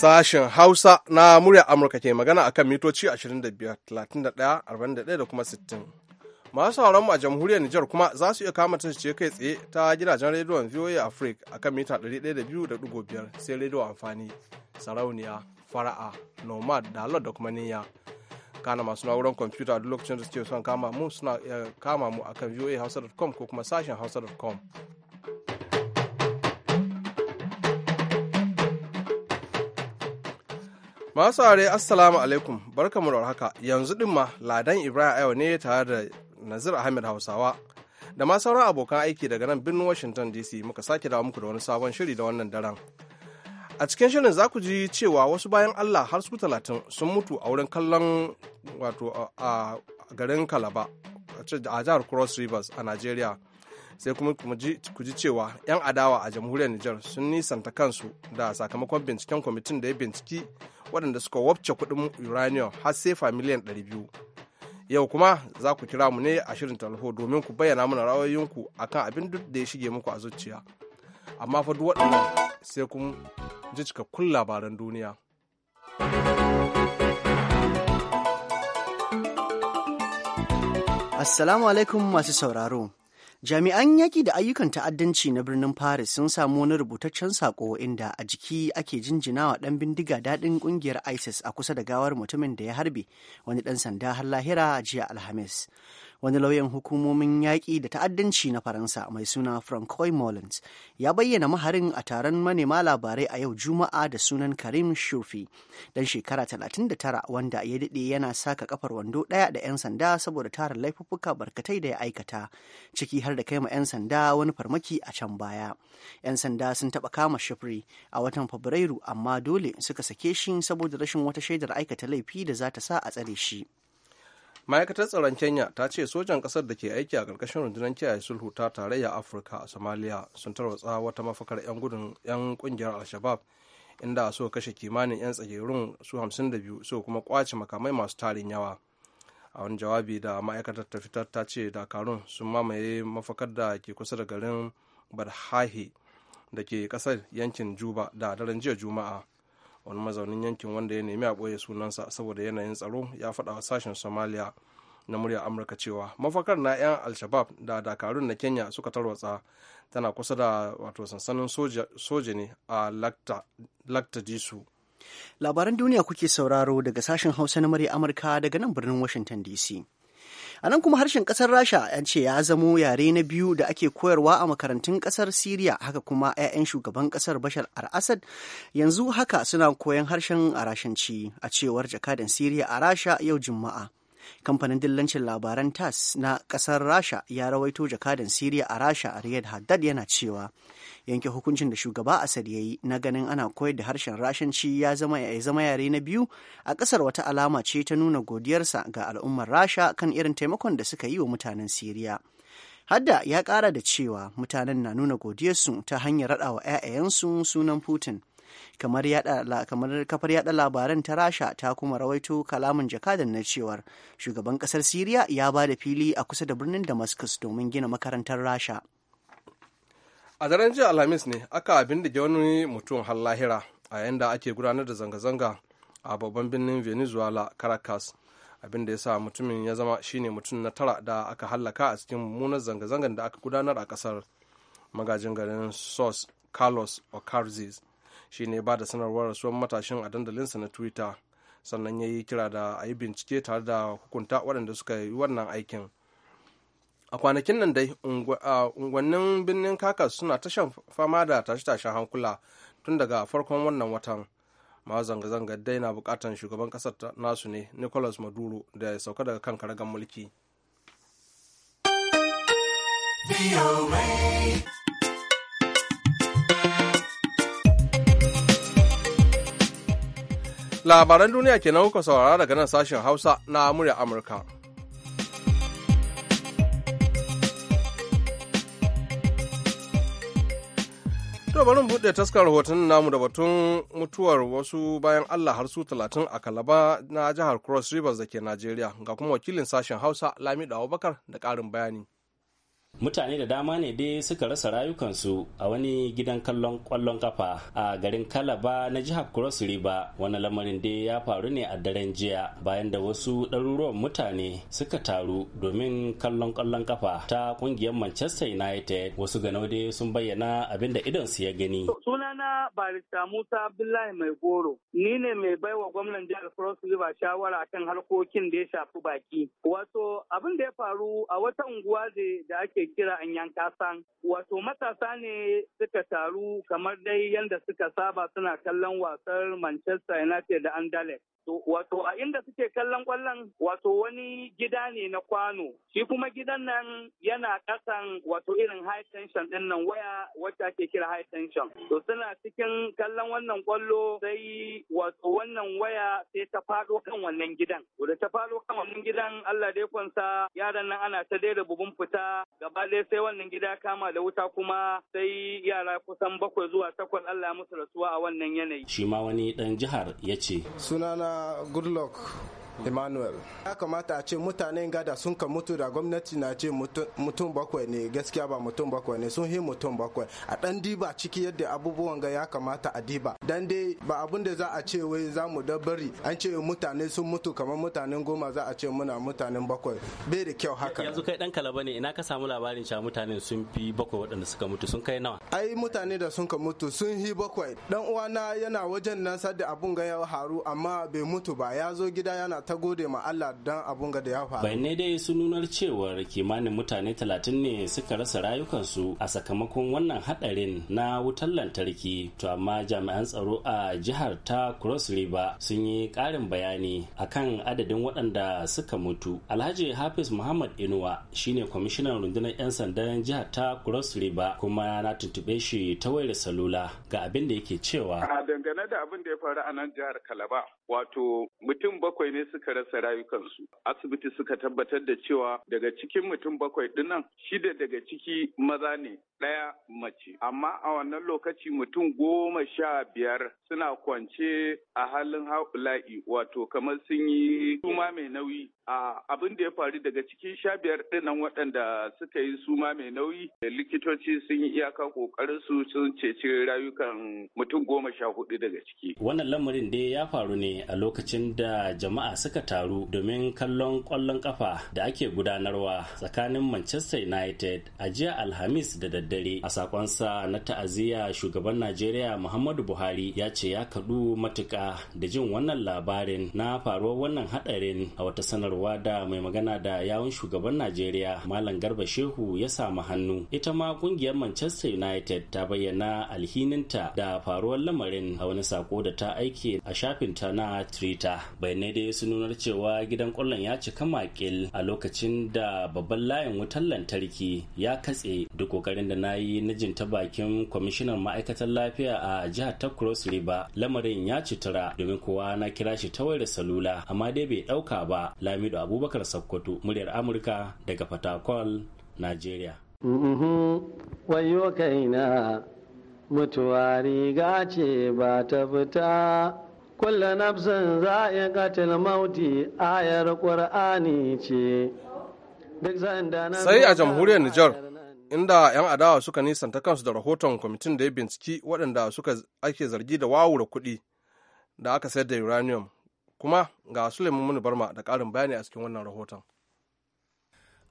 Sashen Hausa na murya Amurka ke magana a kan mitoci 25, 31, 41 da kuma 60. Masu mu a jamhuriyar Nijar kuma za su iya kama ce kai tsaye ta gidajen rediyon VOA Africa a kan mita 102.5 sai rediyo amfani, sarauniya, fara'a, nomad, da halar da kuma niyya. kana masu na'urar kwamfuta duk lokacin da suke son kama mu suna iya kama mu a akan voahausa.com ko kuma sashen hausa.com. Masu are assalamu alaikum barkamu da haka yanzu din ma ladan Ibrahim Ayo ne tare da Nazir Ahmed Hausawa da ma sauran abokan aiki daga nan birnin Washington DC muka sake dawo muku da wani sabon shiri da wannan daren. A cikin shirin za ku ji cewa wasu bayan Allah har su talatin sun mutu a wurin kallon wato a garin Kalaba a jihar Cross Rivers a nigeria Sai kuma ku ji cewa 'yan adawa a jamhuriyar Nijar sun nisanta kansu da sakamakon binciken kwamitin da ya binciki waɗanda suka wabce kuɗin uranium har sai sefa miliyan 200 yau kuma za ku kira mu ne a shirin talho domin ku bayyana mana ra'ayoyinku akan abin duk da ya shige muku a zuciya amma fa duk waɗannan sai kun ji cikakkun labaran duniya assalamu alaikum masu sauraro Jami'an yaƙi da ayyukan ta'addanci na birnin Paris sun samu wani rubutaccen saƙo, inda a jiki ake jinjinawa ɗan bindiga daɗin ƙungiyar ISIS a kusa da gawar mutumin da ya harbe wani ɗan sanda har lahira jiya Alhamis. wani lauyan hukumomin yaƙi da ta'addanci na faransa mai suna francois mollins ya bayyana maharin a taron manema labarai a yau juma'a da sunan karim shurfi dan shekara 39 wanda ya daɗe yana saka kafar wando ɗaya da 'yan sanda saboda tara laifuffuka barkatai da ya aikata ciki har da kai ma 'yan sanda wani farmaki a can baya 'yan sanda sun taɓa kama shifri a watan fabrairu amma dole suka sake shi saboda rashin wata shaidar aikata laifi da za ta sa a tsare shi ma'aikatar tsaron kenya ta ce sojan kasar da ke aiki a ƙarƙashin rundunar kiyaye sulhu ta tarayya afirka a somalia sun tarwatsa wata mafakar 'yan gudun 'yan ƙungiyar al-shabab inda so kashe kimanin 'yan tsagerun su 52 so kuma kwace makamai masu tarin yawa a wani jawabi da ma'aikatar ta fitar ta ce dakarun sun mamaye mafakar da ke kusa da garin barhahi da ke kasar yankin juba da daren jiya juma'a wani mazaunin yankin wanda ya nemi a ɓoye sunansa saboda yanayin tsaro ya faɗa wa sashen somalia na muryar amurka cewa mafakar na 'yan al-shabab da dakarun na kenya suka tarwatsa tana kusa da wato sansanin soja ne a lakta jisu labaran duniya kuke sauraro daga sashen hausa na murya amurka daga nan birnin washington dc A nan kuma harshen ƙasar Rasha an ce ya zamo yare na biyu da ake koyarwa a makarantun ƙasar Siriya haka kuma 'ya'yan shugaban ƙasar Bashar al-Assad yanzu haka suna koyan harshen Arashanci a cewar jakadan Siriya a Rasha yau Juma'a. kamfanin dillancin labaran tas na kasar rasha ya rawaito jakadan siriya a rasha a riyad haddad yana cewa yanke hukuncin da shugaba asad ya yi na ganin ana koyar da harshen rashanci ya zama ya zama yare na biyu a kasar wata alama ce ta nuna godiyarsa ga al'ummar rasha kan irin taimakon da suka yi wa mutanen siriya hadda ya kara da cewa mutanen na nuna godiyarsu ta hanyar raɗawa 'ya'yansu sunan putin kamar kafar yada labaran ta rasha ta kuma rawaito kalamin jakadan na cewar shugaban kasar siriya ya ba da fili a kusa da birnin damascus domin gina makarantar rasha a daren jiya alhamis ne aka da wani mutum har lahira a yayin da ake gudanar da zanga-zanga a babban birnin venezuela caracas abin da ya sa mutumin ya zama shine mutum na tara da aka hallaka a cikin mummunar zanga-zangar da aka gudanar a kasar magajin garin sos carlos ocarzis shi ne ba da sanarwar rasuwar matashin a dandalinsa na twitter sannan ya yi kira da a yi bincike tare da hukunta waɗanda suka yi wannan aikin a kwanakin nan dai unguwannin birnin kakas suna tashan fama da tashe-tashen hankula tun daga farkon wannan watan ma zanga-zangar dai na bukatan shugaban kasar nasu ne nicolas maduro da ya sauka daga kan karagar mulki Labaran duniya kenan kuka saurara daga nan sashen Hausa na murya Amurka. To bari mu buɗe taskar rahoton namu da batun mutuwar wasu bayan Allah har su talatin a Kalaba na jihar Cross Rivers da ke Najeriya ga kuma wakilin sashen Hausa Lamidu Abubakar da ƙarin bayani. mutane da dama ne dai suka rasa rayukansu a wani gidan kallon kwallon kafa a garin kalaba na jihar cross river wani lamarin dai ya faru ne a daren jiya bayan da wasu ɗaruruwan mutane suka taru domin kallon kwallon kafa ta kungiyar manchester united wasu ganau dai sun bayyana abin da idon su ya gani sunana barista musa abdullahi mai goro ni ne mai baiwa gwamnan jihar cross river shawara kan harkokin da ya shafi baki wato abin da ya faru a wata unguwa da ake kira an yanka san. Wato matasa ne suka taru kamar dai yadda suka saba suna kallon wasar Manchester United da andale Wato a inda suke kallon kwallon wato wani gida ne na kwano, shi kuma gidan nan yana kasan wato irin high tension din nan waya wacce ake kira high tension. To suna cikin kallon wannan kwallo sai wato wannan waya sai ta faɗo kan wannan gidan. Da ta faɗo kan wannan gidan Allah dai kwansa yaran nan ana ta daida bubun fita gaba gaba sai wannan gida kama da wuta kuma sai yara kusan bakwai zuwa takwas Allah musu rasuwa a wannan yanayi. Shi ma wani ɗan jihar ya ce. Sunana Goodluck emmanuel ya kamata a ce mutanen gada sun ka mutu da gwamnati na ce mutum bakwai ne gaskiya ba mutum bakwai ne sun yi mutum bakwai a dan diba ciki yadda abubuwan ga ya kamata a diba dan dai ba abun da za a ce wai za mu da bari an ce mutane sun mutu kamar mutanen goma za a ce muna mutanen bakwai bai da kyau haka yanzu kai dan kalaba ne ina ka samu labarin cewa mutanen sun fi bakwai waɗanda suka mutu sun kai nawa ai mutane da sun ka mutu sun yi bakwai dan uwana yana wajen nan sadda abun ga ya haru amma bai mutu ba ya zo gida yana ta gode ma Allah don abun ga da ya faru. ne dai sun nunar cewar kimanin mutane talatin ne suka rasa rayukansu a sakamakon wannan hadarin na wutar lantarki. To amma jami'an tsaro a jihar ta Cross River sun yi karin bayani akan adadin waɗanda suka mutu. Alhaji Hafiz Muhammad Inuwa shine kwamishinan rundunar 'yan sandan jihar ta Cross River kuma na tuntuɓe shi ta wayar salula ga abin da yake cewa. A dangane da abin da ya faru a nan jihar Kalaba, wato mutum bakwai ne suka rasa rayukansu. Asibiti suka tabbatar da cewa daga cikin mutum bakwai dinnan shida daga ciki maza ne ɗaya mace. Amma a wannan lokaci mutum goma sha biyar suna kwance a halin haula'i wato kamar sun yi tuma mai nauyi abin da ya faru daga cikin sha biyar dinnan waɗanda suka yi suma mai nauyi da likitoci sun yi iyaka ƙoƙarin su sun ceci rayukan mutum goma sha hudu daga ciki. Wannan lamarin dai ya faru ne a lokacin da jama'a suka taru domin kallon ƙwallon ƙafa da ake gudanarwa tsakanin Manchester United a jiya Alhamis da daddare. A sakonsa na ta'aziyya shugaban Najeriya Muhammadu Buhari ya ce ya kaɗu matuƙa da jin wannan labarin na faruwar wannan haɗarin a wata sanarwa. sadarwa da mai magana da yawun shugaban najeriya malam garba shehu ya samu hannu ita ma kungiyar manchester united ta bayyana alhininta da faruwar lamarin a wani sako da ta aike a shafinta na twitter bayanai dai su nunar cewa gidan kwallon ya cika makil a lokacin da babban layin wutar lantarki ya katse duk kokarin da na yi na jin ta bakin kwamishinan ma'aikatar lafiya a jihar ta cross river lamarin ya cutura, domin kowa na kira shi ta wayar salula amma dai bai ɗauka ba lami lamido abubakar sokoto muryar amurka daga fatakwal nigeria wayo kaina mutuwa riga ce ba ta fita kulla nafsin za a katil mauti ayar ƙwar'ani ce sai a jamhuriyar nijar inda 'yan adawa suka nisanta kansu da rahoton kwamitin da ya binciki waɗanda suka ake zargi da wawura kuɗi da aka sayar da uranium kuma ga Suleiman Muni Barma da karin bayani a cikin wannan rahoton.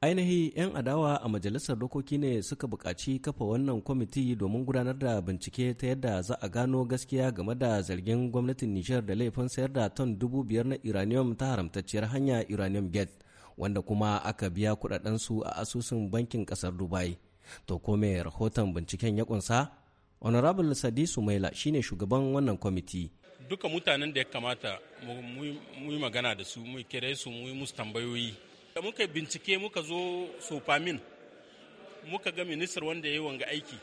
ainihi 'yan adawa a majalisar dokoki ne suka buƙaci kafa wannan kwamiti domin gudanar da bincike ta yadda za a gano gaskiya game da zargin gwamnatin nijar da laifin sayar da ton dubu biyar na uranium ta haramtacciyar hanya uranium gate wanda kuma aka biya su a asusun bankin ƙasar dubai to ko rahoton binciken ya kunsa honorable sadisu maila shine shugaban wannan kwamiti duka mutanen da ya kamata mu yi magana da su mu kire su mu yi musu tambayoyi da muka bincike muka zo sofamin muka ga ministar wanda ya yi wanga aiki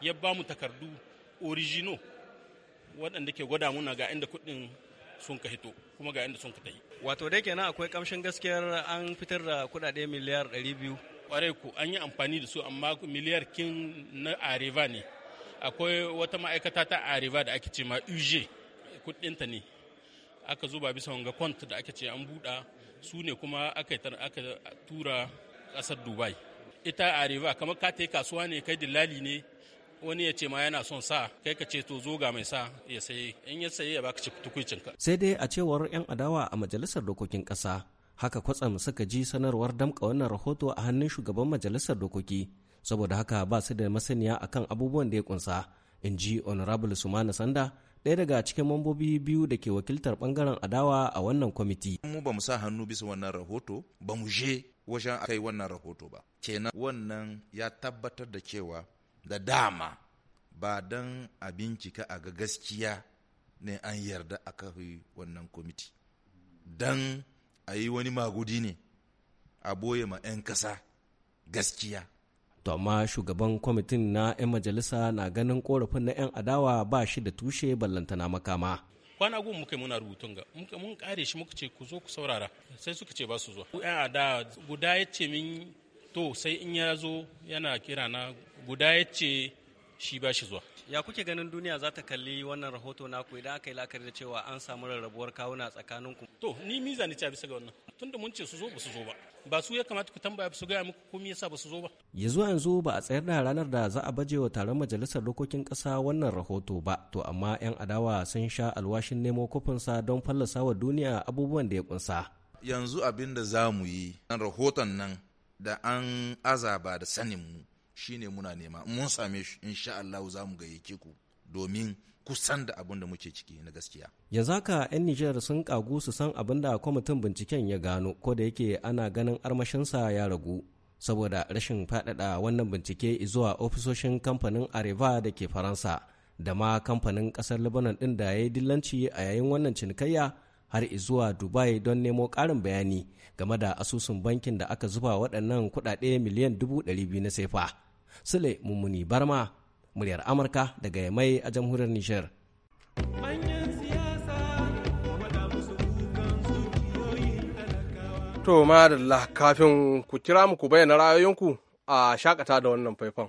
ya ba mu takardu orijino waɗanda ke gwada muna ga inda kuɗin sun ka hito kuma ga inda sun ka tafi. wato dai kenan akwai kamshin gaskiyar an fitar da kuɗaɗe miliyar ɗari biyu. kwarai ku an yi amfani da su amma miliyar kin na areva ne akwai wata ma'aikata ta areva da ake ce ma uge kudinta ne aka zuba bisa wanga kwant da aka ce an buɗa su ne kuma aka tura ƙasar dubai ita arewa kamar ka ta yi kasuwa ne kai dillali ne wani ya ce ma yana son sa kai ka ce to zo ga mai sa ya saye in ya saye ya baka ci tukuicin ka sai dai a cewar yan adawa a majalisar dokokin kasa haka kwatsam suka ji sanarwar damka wannan rahoto a hannun shugaban majalisar dokoki saboda haka ba su da masaniya akan abubuwan da ya kunsa in ji honorable sumana sanda ɗaya daga cikin mambobi biyu da ke wakiltar bangaren adawa a wannan kwamiti. Mu ba mu sa hannu bisa wannan rahoto ba mu je wajen kai wannan rahoto ba. Kenan wannan ya tabbatar da cewa da dama ba don a bincika a ga gaskiya ne an yarda a kafi wannan kwamiti. Don a yi wani magudi ne a boye ma 'yan kasa gaskiya To amma shugaban kwamitin na 'yan majalisa na ganin korafin na 'yan adawa ba shi da tushe ballantana makama. Kwana goma muka muna rubutun ga mun kare shi muka ce ku zo ku saurara sai suka ce ba su zuwa. 'Yan adawa guda ya ce min to sai in ya zo yana kira na guda ya ce shi ba shi zuwa. Ya kuke ganin duniya za ta kalli wannan rahoto naku idan aka yi la'akari da cewa an samu rarrabuwar kawuna tsakaninku? To, ni miza ni ci bisa ga wannan. Tunda mun ce su zo ba su zo ba. ba su ya kamata ku tambaya su gaya muku ko yasa ba su zo ba ya zuwa yanzu ba a tsayar da ranar da za a baje wa taron majalisar dokokin ƙasa wannan rahoto ba to amma 'yan adawa sun sha alwashin nemo kofinsa don fallasa wa duniya abubuwan da ya kunsa yanzu abin da za mu yi rahoton nan da an azaba da sanin mu shine muna nema mun same shi insha Allah za mu ku domin kusan da abin da muke ciki na gaskiya. Yanzu haka 'yan Nijar sun kagu su san abin da kwamitin binciken ya gano ko da yake ana ganin armashinsa ya ragu saboda rashin faɗaɗa wannan bincike zuwa ofisoshin kamfanin Areva da ke Faransa da ma kamfanin ƙasar Lebanon ɗin da ya yi dillanci a yayin wannan cinikayya har zuwa Dubai don nemo ƙarin bayani game da asusun bankin da aka zuba waɗannan kuɗaɗe miliyan dubu ɗari biyu na sefa. Sule Mummuni Barma muryar amurka daga yamai a jamhuriyar nijar to da kafin ku kira mu ku bayyana ra'ayoyinku a shakata da wannan faifan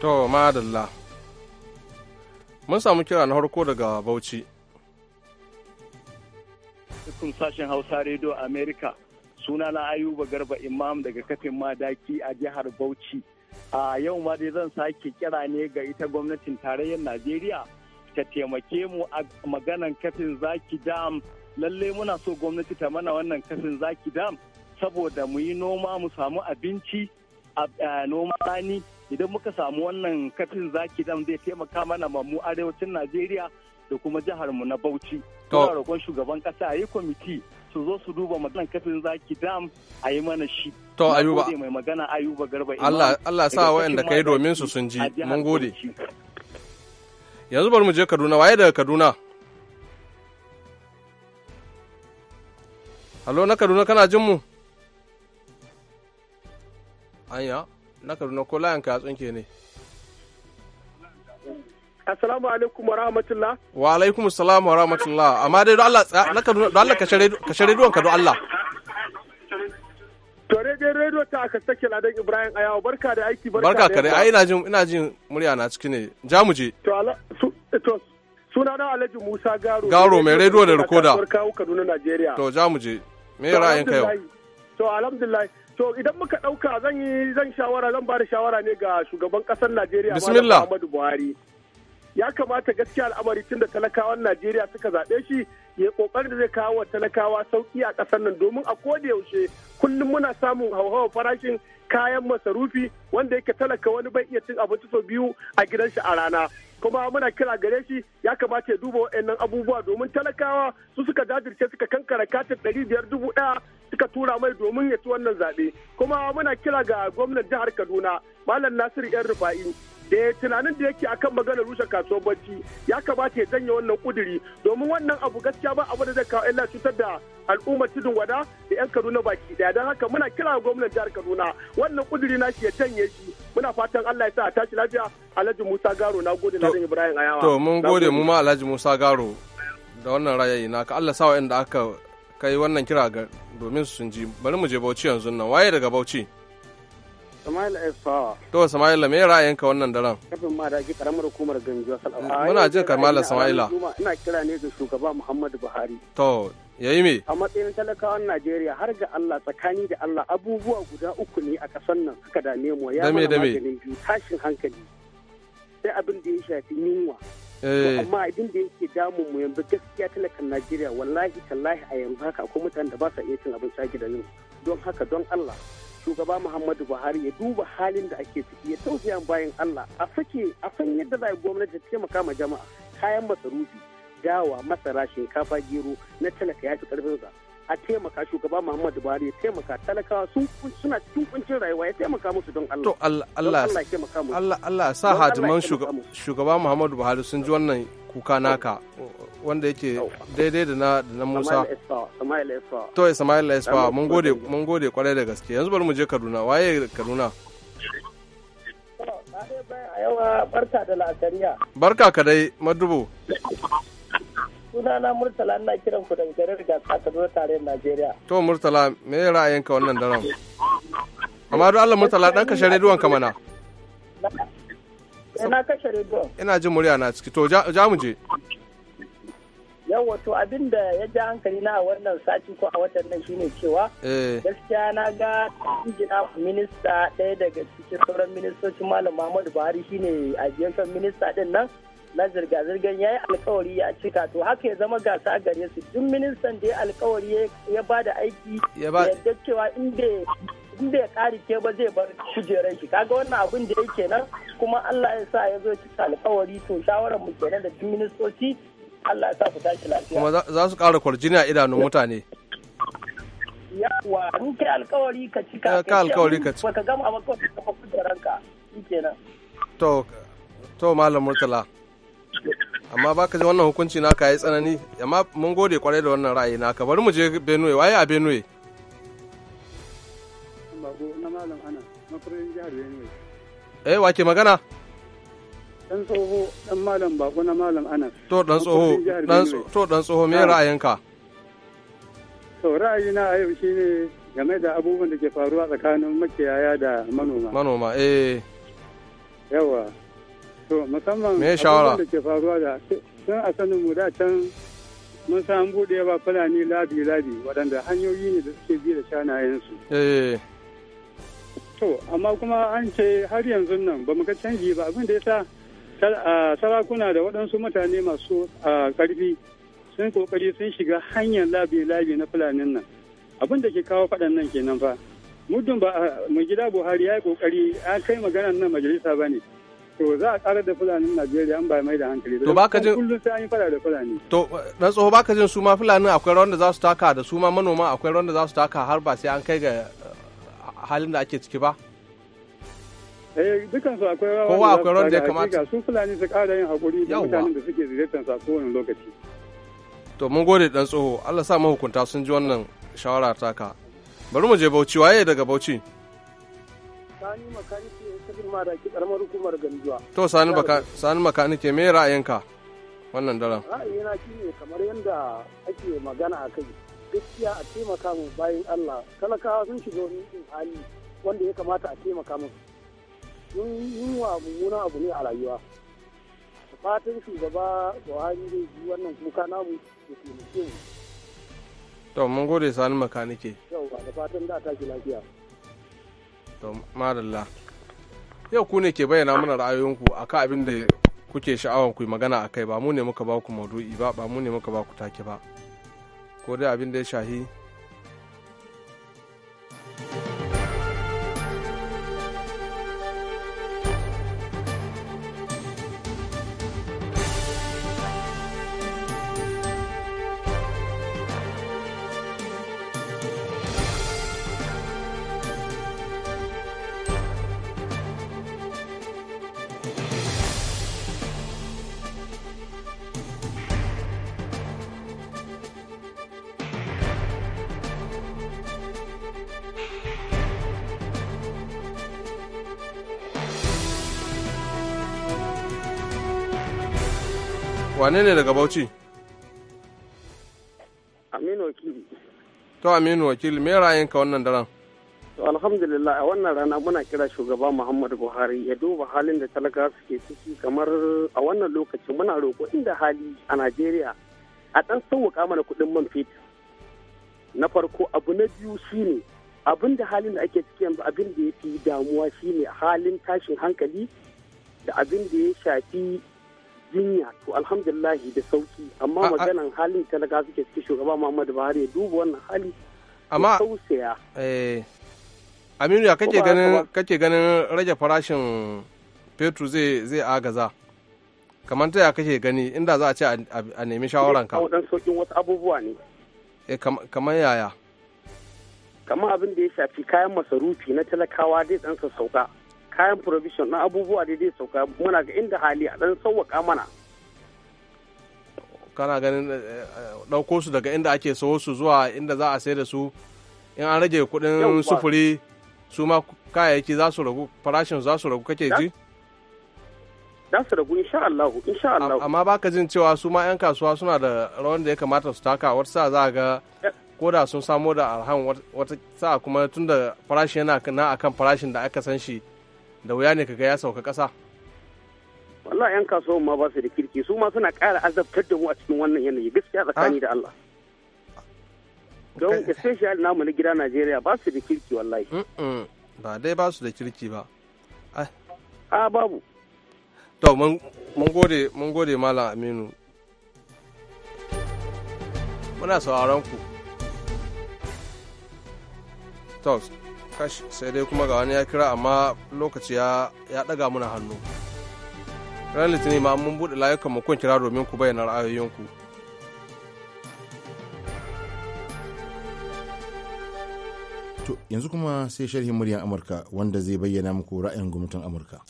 to madalla mun samu kira na harko daga bauchi cikin sashen hausa radio america suna na ayuba garba imam daga kafin madaki a jihar bauchi a yau ma dai zan sake kira ne ga ita gwamnatin tarayyar najeriya ta taimake mu a maganan kafin zaki dam lallai muna so gwamnati ta mana wannan kafin zaki dam saboda mu yi noma mu samu abinci a noma rani idan muka samu wannan kafin zaki dam zai taimaka mana mu arewacin najeriya da kuma jihar mu na bauchi muna roƙon shugaban kasa ayi yi kwamiti su zo su duba maganan kafin zaki dam a yi mana shi to ayuba mai magana ayuba garba Allah Allah sa wa'anda kai domin su sun ji mun gode yanzu bari mu je Kaduna waye daga Kaduna Halo na Kaduna kana jin mu? Anya? na kaduna ko layan ka tsunke ne Assalamu alaikum wa rahmatullah. Wa alaikum assalam wa rahmatullah. Amma dai don Allah na Kaduna don Allah ka share duwan ka don Allah. To dai rediyo ta aka sake ladan Ibrahim Ayawa barka da aiki barka. Barka kare ai ina jin ina jin murya na cikin ne. Ja mu je. To to suna na Alhaji Musa Garo. Garo mai rediyo da rikoda. Barka Kaduna Najeriya. To ja mu je. Me ra'ayin ka yau? To alhamdulillah To idan muka ɗauka zan yi zan shawara zan ba da shawara ne ga shugaban ƙasar Najeriya Muhammadu Buhari. ya kamata gaskiya al'amari tun da talakawan najeriya suka zaɓe shi ya kokarin da zai kawo wa talakawa sauki a ƙasar nan domin a koda yaushe kullum muna samun hauhawar farashin kayan masarufi wanda yake talaka wani bai iya cin abinci sau biyu a gidan shi a rana kuma muna kira gare shi ya kamata ya duba wa'annan abubuwa domin talakawa su suka jajirce suka kankara katin ɗari biyar dubu ɗaya suka tura mai domin ya ci wannan zaɓe kuma muna kira ga gwamnan jihar kaduna malam nasiru yan rufa'i da eh, tunanin da yake akan maganar rushe kasuwar bacci ya kamata ya janye wannan kuduri domin wannan abu gaskiya ba abu da zai kawo illa cutar da al'ummar tudun wada da yan kaduna baki daya don haka muna kira ga gwamnan jihar kaduna wannan kuduri na shi ya janye shi muna fatan allah ya sa a tashi lafiya alhaji musa garo na gode na ibrahim ayawa to mun gode mu ma alhaji musa garo da wannan rayayi ka allah sa inda aka kai wannan kira ga domin su sun ji bari mu je bauchi yanzu nan waye daga bauchi Sama'il Fawa. To Sama'il me ra'ayinka wannan daren? Kafin ma da karamar hukumar Ganjo Salama. Muna jin Kamala Sama'ila. Ina kira ne ga shugaba Muhammadu Buhari. To yayi me? A matsayin talakawan Najeriya har ga Allah tsakani da Allah abubuwa guda uku ne a kasan nan suka dame mu ya mana maganin biyu tashin hankali. Sai abin da ya shafi yunwa. Eh. amma abin da yake damun mu yanzu gaskiya talakan Najeriya wallahi tallahi a yanzu haka akwai mutanen da ba sa iya cin abinci da gidanin don haka don Allah shugaba muhammadu buhari ya duba halin da ake ciki ya tausaya bayan allah a sake a san yadda za a gwamnati ta taimaka ma jama'a kayan masarufi dawa masara shinkafa gero na talaka ya fi karfin a taimaka shugaba Muhammadu Buhari ya taimaka talakawa sun suna cikin kuncin rayuwa ya taimaka musu don Allah. To Allah Allah Allah sa hatiman shugaba Muhammadu Buhari sun ji wannan kuka naka wanda yake daidai da na da na Musa. To Ismail Isfa mun gode mun gode kwarai da gaske yanzu bari mu je Kaduna waye Kaduna. Barka da la'asariya. Barka ka dai Madubo. sunana murtala ina kiran ku daga garin rigasa kaduna tarayyar najeriya to murtala me ra'ayinka wannan daren amma don allah murtala dan kashe rediyon kama eh, na. ina kashe rediyon ina jin murya na ciki to ja mu je yawa to abin da ya ja hankali na a wannan sati ko a watan nan shine cewa eh. gaskiya na ga injina minista ɗaya daga cikin sauran ministocin malam muhammadu buhari shine a kan minista ɗin nan na zirga-zirgar ya yi alkawari ya cika to haka ya zama gasa gare su duk ministan da ya alkawari ya ba da aiki ya yadda cewa in bai kari ke ba zai bar kujerar shi kaga wannan abin da yake nan kuma Allah ya sa ya zo cika alkawari to shawarar mu kenan da duk ministoci Allah ya sa ku tashi lafiya kuma za su kara kwarjini a idanun mutane yawa in kai alkawari ka cika ka alkawari ka cika ka gama ba ka kujeranka shikenan to to malam murtala amma baka ji wannan hukunci naka yi tsanani amma mun gode kwarai da wannan ra'ayi naka bari mu je Benue waye a Benue na Benue eh wake magana dan tsoho dan malam bako na malam anas to dan tsoho dan to dan tsoho me ra'ayinka to ra'ayina a yau shine game da abubuwan da ke faruwa tsakanin makiyaya da manoma manoma eh yawa to musamman me shawara da ke faruwa da tun asanin mu da can mun san buɗe ba fulani labi labi waɗanda hanyoyi ne da suke bi da shanayensu eh to amma kuma an ce har yanzu nan ba mu ga canji ba abin da ya sa sarakuna da waɗansu mutane masu ƙarfi sun kokari sun shiga hanyar labi labi na fulanin nan abin da ke kawo faɗan nan kenan fa muddin ba mu gida buhari ya yi kokari ya kai maganar nan majalisa ba ne to za a karar da fulanin Najeriya an ba mai da hankali to ka jin sai an yi fada da fulani to dan tsoho baka jin su ma fulanin akwai rawar da za su taka da su ma manoma akwai rawar da za su taka har ba sai an kai ga eh, halin da ake ciki ba eh, dukan su akwai rawa kowa akwai su da ya kamata su fulani su kara yin hakuri da mutanen da suke ziyartar su a kowane lokaci to mun gode dan tsoho Allah sa mahukunta sun ji wannan shawara taka bari mu je Bauchi waye daga Bauchi Sani makani Usman da ke karamar hukumar Ganjuwa. To sani baka sani me ra'ayinka wannan daren? Ra'ayina shine kamar yadda ake magana a kai. Gaskiya a taimaka mu bayan Allah talakawa sun shiga wani hali wanda ya kamata a taimaka mu. Mun yi wa mummunan abu ne a rayuwa. Fatan shugaba Buhari zai ji wannan kuka namu da taimake mu. To mun gode sani makanike. Yau ba da fatan da ta ki lafiya. To madalla. yau ku ne ke bayyana mana ra'ayoyinku a akan abin da kuke sha'awar ku magana a kai ba mu ne muka ba ku maudu'i ba ba mu ne muka ba ku take ba ko dai abin da ya shahi Wane ne daga Bauchi? Aminu Wakili. To Aminu Wakili, me ra'ayinka wannan daren? To alhamdulillah a wannan rana muna kira shugaba Muhammadu Buhari ya duba halin da talaka suke ciki kamar a wannan lokacin muna roƙo inda hali a Najeriya a ɗan sauwaƙa mana kuɗin man fetur. Na farko abu na biyu shine abin da halin da ake ciki yanzu abin da ya fi damuwa shine halin tashin hankali da abin da ya shafi jinya to alhamdulillahi da sauki amma maganan halin talaka suke suke shugaba Muhammadu Buhari ya duba wannan hali amma tausaya eh Aminu ya kake ganin kake ganin rage farashin fetur zai zai agaza kamar ta ya kake gani inda za a ce a nemi shawaran ka dan saukin wasu abubuwa ne eh kamar yaya kamar abin da ya shafi kayan masarufi na talakawa zai dan sauka kayan provision na abubuwa da dai sauka muna ga inda hali a dan sauwaka mana kana ganin eh, eh, ɗauko su daga inda ake sawo su zuwa inda za a sai da su in an rage kuɗin sufuri su ma kayayyaki za su ragu farashin za su ragu kake ji za su ragu insha Allah insha Allah amma baka jin cewa su ma 'yan kasuwa suna da rawan da ya kamata su taka wata sa za ga eh. koda sun samo da alhan wata sa kuma tunda farashi yana na akan farashin da aka san shi da wuya ne kaga ya sauka ƙasa wallahi yan kasuwan ma ba su da kirki su ma suna ƙara azabtar da mu a cikin wannan yanayi gaskiya tsakani da Allah ah, don especially namu na gida Najeriya ba su da kirki wallahi ba dai ba su da kirki ba a ah, babu to mun gode mun gode malam Aminu muna sauraron ku to kashi sai dai kuma ga wani ya kira amma lokaci ya daga muna hannu ranar litinin ma mun buɗe layukan mu kun kira domin ku bayyana ra'ayoyinku to yanzu kuma sai sharhin muryar amurka wanda zai bayyana muku ra'ayin gwamnatin amurka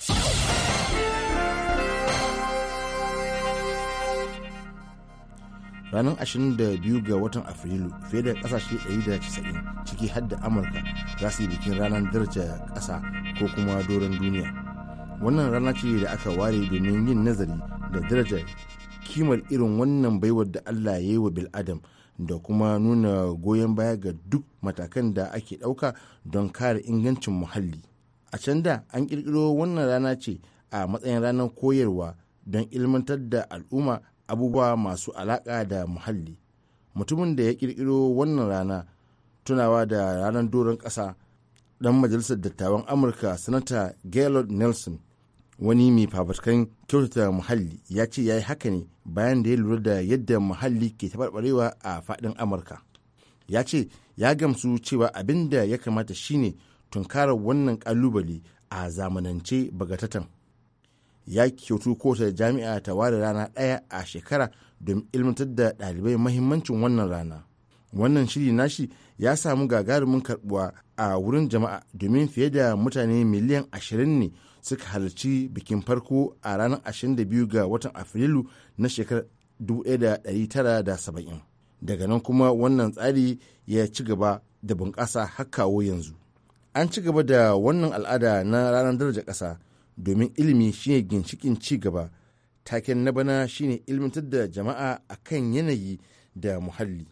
ranar 22 ga watan afrilu fiye da kasashe 190 ciki har da amurka za su yi bikin ranar daraja ƙasa ko kuma doron duniya wannan rana ce da aka ware domin yin nazari da daraja kimar irin wannan baiwar da allah ya yi wa bil'adam da kuma nuna goyon baya ga duk matakan da ake ɗauka don kare ingancin muhalli a can da an ƙirƙiro wannan rana ce a matsayin ranar koyarwa don ilmantar da al'umma abubuwa masu alaƙa da muhalli mutumin da ya ƙirƙiro wannan rana tunawa da ranar doron ƙasa ɗan majalisar dattawan amurka sanata gaylord nelson wani mai fafatkan kyautata muhalli ya ce ya yi haka ne bayan da ya lura da yadda muhalli ke taɓarɓarewa a faɗin amurka ya ce ya gamsu cewa abin da ya kamata shine tunkarar wannan ƙalubale a zamanance bagatatan ya kyautu kowace jami'a ta ware rana ɗaya a shekara don ilmantar da ɗalibai mahimmancin wannan rana wannan shiri nashi ya samu gagarumin karbuwa a wurin jama'a domin fiye da mutane miliyan ashirin ne suka halarci bikin farko a ranar 22 ga watan afrilu na shekarar 1970 daga nan kuma wannan tsari ya ci gaba da bunƙasa har kawo yanzu an ci gaba da wannan al'ada na ranar daraja ƙasa domin ilimi shine ginshikin ci gaba taken na bana shine ilmantar da jama'a akan yanayi da muhalli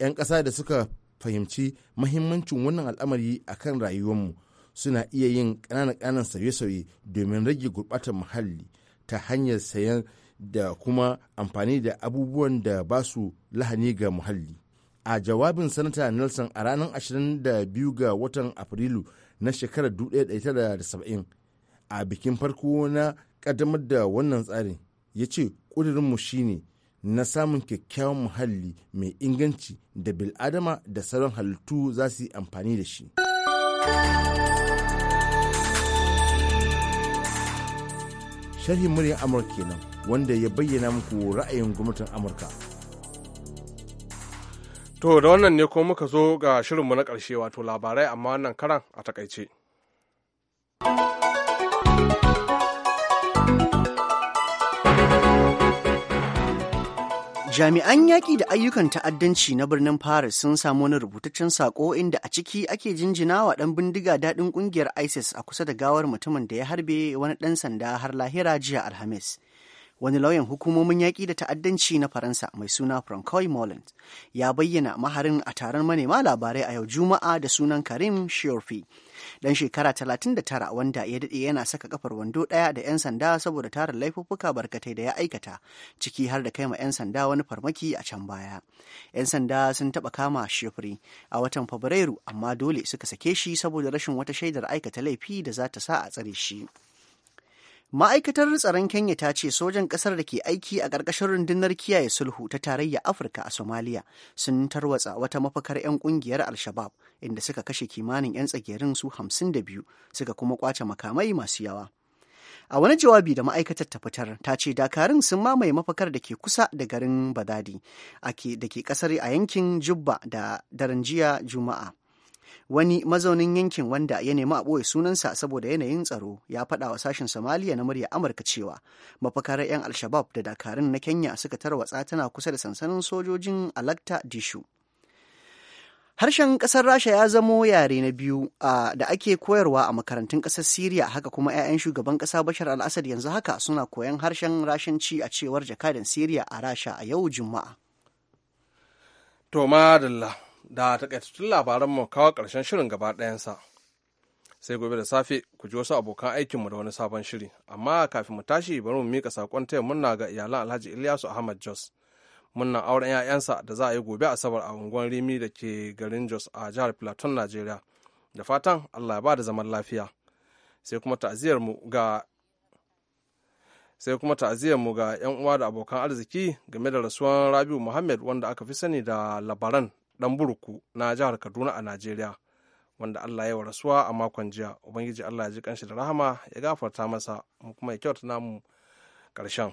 'yan ƙasa da suka fahimci mahimmancin wannan al'amari a kan rayuwarmu suna iya yin ƙananan sauye-sauye domin rage gurɓatar muhalli ta hanyar sayan da kuma amfani da abubuwan da ba su lahani ga muhalli. A jawabin Sanata Nelson a ranar 22 ga watan Afrilu na shekarar 1970 a bikin farko na ƙaddamar da wannan tsarin ya ce ƙudurinmu shine na samun kyakkyawan muhalli mai inganci da bil'adama da sauran halittu za su yi amfani da shi. Sharhin muryar Amurka kenan wanda ya bayyana muku ra'ayin gwamnatin Amurka. To da wannan ne kuma muka zo ga shirinmu na ƙarshe wato labarai amma wannan karan a takaice. Jami'an yaƙi da ayyukan ta'addanci na birnin Paris sun samu wani rubutaccen sako inda a ciki ake jinjina wa ɗan bindiga daɗin ƙungiyar ISIS a kusa da gawar mutumin da ya harbe wani ɗan sanda har lahira jiya Alhamis. wani lauyan hukumomin yaƙi da ta'addanci na faransa mai suna francois molland ya bayyana maharin a taron manema labarai a yau juma'a da sunan karim shiorfi dan shekara 39 wanda ya daɗe yana saka kafar wando ɗaya da 'yan sanda saboda tara laifuffuka barkatai da ya aikata ciki har da kai ma 'yan sanda wani farmaki a can baya 'yan sanda sun taɓa kama shifri a watan fabrairu amma dole suka sake shi saboda rashin wata shaidar aikata laifi da za ta sa a tsare shi. Ma'aikatar tsaron Kenya ta ce sojan ƙasar da ke aiki a ƙarƙashin rundunar kiyaye sulhu ta tarayya Afirka a Somaliya sun tarwatsa wata mafakar 'yan ƙungiyar al shabab inda suka kashe kimanin 'yan tsagerin su 52 suka kuma kwace makamai masu yawa. A wani jawabi da ma'aikatar ta fitar ta ce dakarun sun mamaye mafakar da ke kusa da garin Badadi da ke ƙasar a yankin Jubba da daren jiya Juma'a. wani mazaunin yankin wanda ya nemi a ɓoye sunansa saboda yanayin tsaro ya faɗa wa sashen somaliya na murya amurka cewa mafakarar 'yan alshabab da dakarun na kenya suka tarwatsa tana kusa da sansanin sojojin alakta dishu harshen ƙasar rasha ya zamo yare na biyu da ake koyarwa a makarantun ƙasar siriya haka kuma 'ya'yan shugaban ƙasa bashar al-assad yanzu haka suna koyan harshen rashanci a cewar jakadan siriya a rasha a yau juma'a to madalla da takaitattun labaran mu kawo ƙarshen shirin gaba ɗayansa. Sai gobe da safe ku ji wasu abokan aikinmu da wani sabon shiri, amma kafin mu tashi bari mu mika saƙon taya murna ga iyalan Alhaji Ilyasu Ahmad Jos. Murnan auren 'ya'yansa da za a yi gobe Asabar a unguwar Rimi da ke garin Jos a jihar Plateau, nigeria Da fatan Allah ya ba da zaman lafiya. Sai kuma ta'aziyar mu ga sai kuma mu ga 'yan uwa da abokan arziki game da rasuwan rabiu muhammad wanda aka fi sani da labaran dan burku na jihar kaduna a najeriya wanda allah ya yi wa rasuwa a makon jiya ubangiji allah ya ji kanshi da rahama ya gafarta masa mu kuma ya kyauta namu karshen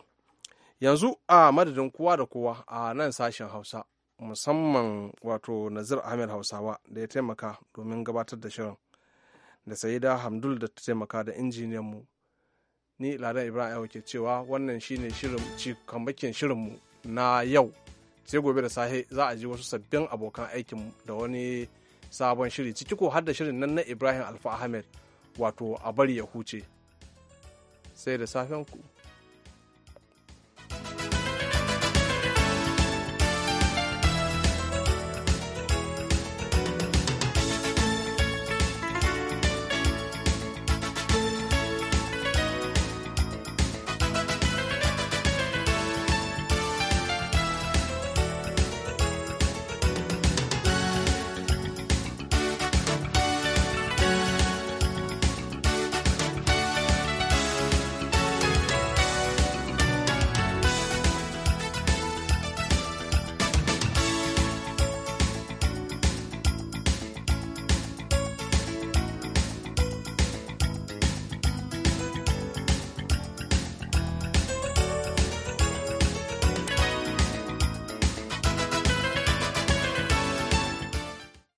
yanzu a madadin kowa da kowa a nan sashen hausa musamman wato nazir ahmed hausawa da ya taimaka domin gabatar da shirin da saida hamdul da ta taimaka da injiniyan mu ni ladan ibrahim ke cewa wannan shine shirin mu na yau sai gobe da sahe za a ji wasu sabbin abokan aikin da wani sabon shiri ciki ko har da shirin nan na ibrahim alfa ahmed wato a bari ya huce sai da safen ku